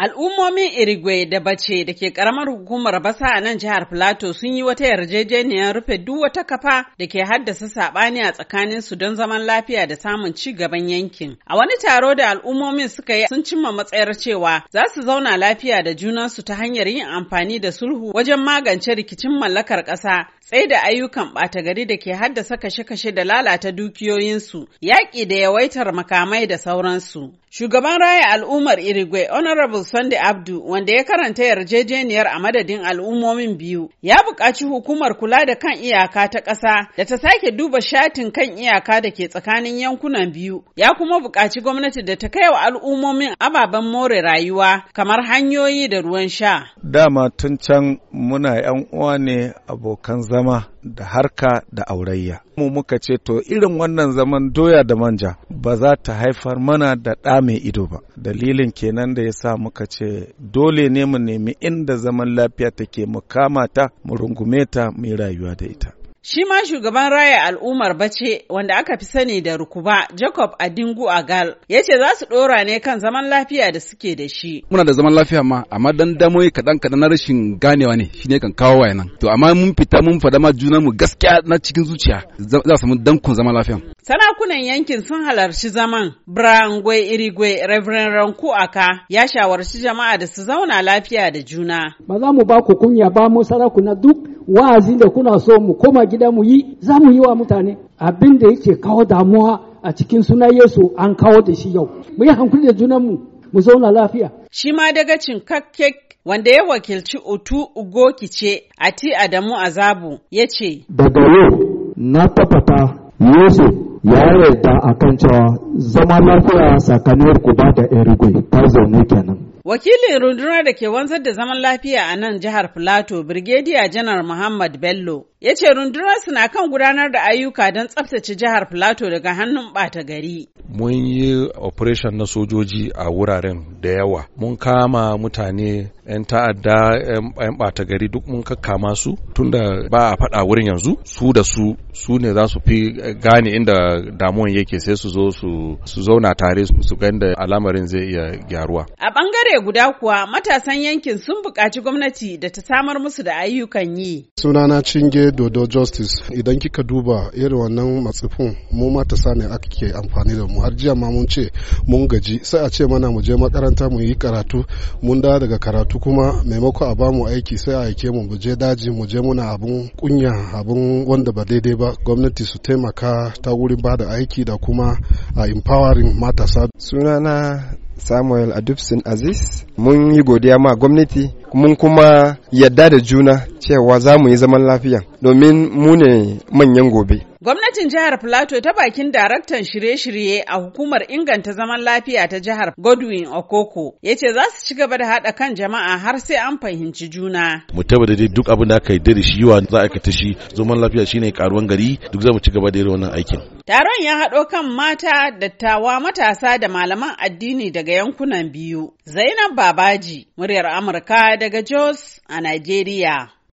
Al'ummomin Irigwe da Bace da ke karamar hukumar Basa a nan jihar Filato sun yi wata yarjejeniyar rufe duk wata kafa da ke haddasa saɓani a tsakanin su don zaman lafiya da samun ci gaban yankin. A wani taro da al'ummomin suka yi sun cimma matsayar cewa za su zauna lafiya da junansu ta hanyar yin amfani da sulhu wajen magance rikicin mallakar ƙasa tsaye da ayyukan ɓata gari da ke haddasa kashe-kashe da lalata dukiyoyinsu, yaƙi da yawaitar makamai da sauransu. Shugaban raya al'ummar Irigwe, Honorable Sunday Abdu, wanda ya karanta yarjejeniyar a madadin al'ummomin biyu, ya buƙaci hukumar kula da kan iyaka ta ƙasa da ta sake duba shatin kan iyaka da ke tsakanin yankunan biyu, ya kuma buƙaci gwamnati da ta kai wa al'ummomin ababen more rayuwa kamar hanyoyi da ruwan sha. Dama tun can muna 'yan uwa ne abokan zama da harka da aurayya. Mu muka ce to irin wannan zaman doya da manja ba za ta haifar mana da ɗa mai ido ba. Dalilin kenan da ya sa muka ce dole ne mu nemi inda zaman lafiya take mu kama ta mu rungume ta mu yi rayuwa da ita. Shi ma shugaban raya al'ummar bace wanda aka fi sani da rukuba Jacob Adingu Agal ya ce za su ɗora ne kan zaman lafiya da suke da shi. Muna da zaman lafiya ma amma dan damoyi kaɗan kaɗan na rashin ganewa ne shine kan kawo wayanan. To amma mun fita mun fada ma juna mu gaskiya na cikin zuciya za su mun dankun zaman lafiya. Sarakunan yankin sun halarci zaman iri-gwai, Irigwe Reverend Ranku Aka ya shawarci jama'a da su zauna lafiya da juna. Ba za mu ba ku kunya ba mu sarakuna duk wa'azi da kuna so mu koma gida mu yi za mu yi wa mutane abin da yake kawo damuwa a cikin suna Yesu an kawo da shi yau. Mu yi hankuli da junan mu mu zauna lafiya. Shi ma daga cinkakke wanda ya wakilci utu Ugokice ti Adamu Azabu ya ce. Daga yau na tabbata Yesu 越来越啊，更加。zama lafiya ku ba da erigwe ta zaune kenan wakilin rundunar da ke wanzar da zaman lafiya a nan jihar filato birgediya janar muhammad bello ya ce rundunar na kan gudanar da ayyuka don tsabtace jihar filato daga hannun bata gari mun yi operation na sojoji a wuraren da yawa mun kama mutane 'yan ta'adda 'yan bata gari duk mun kakkama su tunda ba a faɗa wurin yanzu su da su su ne za su fi gane inda damuwan yake sai su zo su su zauna tare su ga da al'amarin zai iya gyaruwa. A bangare guda kuwa matasan yankin sun buƙaci gwamnati da ta samar musu da ayyukan yi. Sunana Cinge Dodo Justice idan kika duba irin wannan matsifin mu matasa ne ake amfani da mu har jiya ma mun ce mun gaji sai a ce mana mu je makaranta mu yi karatu mun da daga karatu kuma maimako a bamu aiki sai a aike mu mu je daji mu je muna abun kunya abun wanda ba daidai ba gwamnati su taimaka ta wurin ba da aiki da kuma a empowering matasa. Sunana Samuel Adubsin Aziz mun yi godiya ma gwamnati mun kuma yadda da juna cewa za mu yi zaman lafiya domin mu ne manyan gobe. Gwamnatin jihar Filato ta bakin daraktan shirye-shirye a hukumar inganta zaman lafiya ta jihar Godwin Okoko ya ce za su ci gaba da haɗa kan jama'a har sai an fahimci juna. Mu tabbata dai duk abin da aka yi da shi wa za a aikata shi zaman lafiya shine karuwan gari duk za mu ci gaba da yin wannan aikin. Taron ya haɗo kan mata, dattawa, matasa da malaman addini daga yankunan biyu. Zainab Babaji, muryar Amurka daga Jos a Najeriya.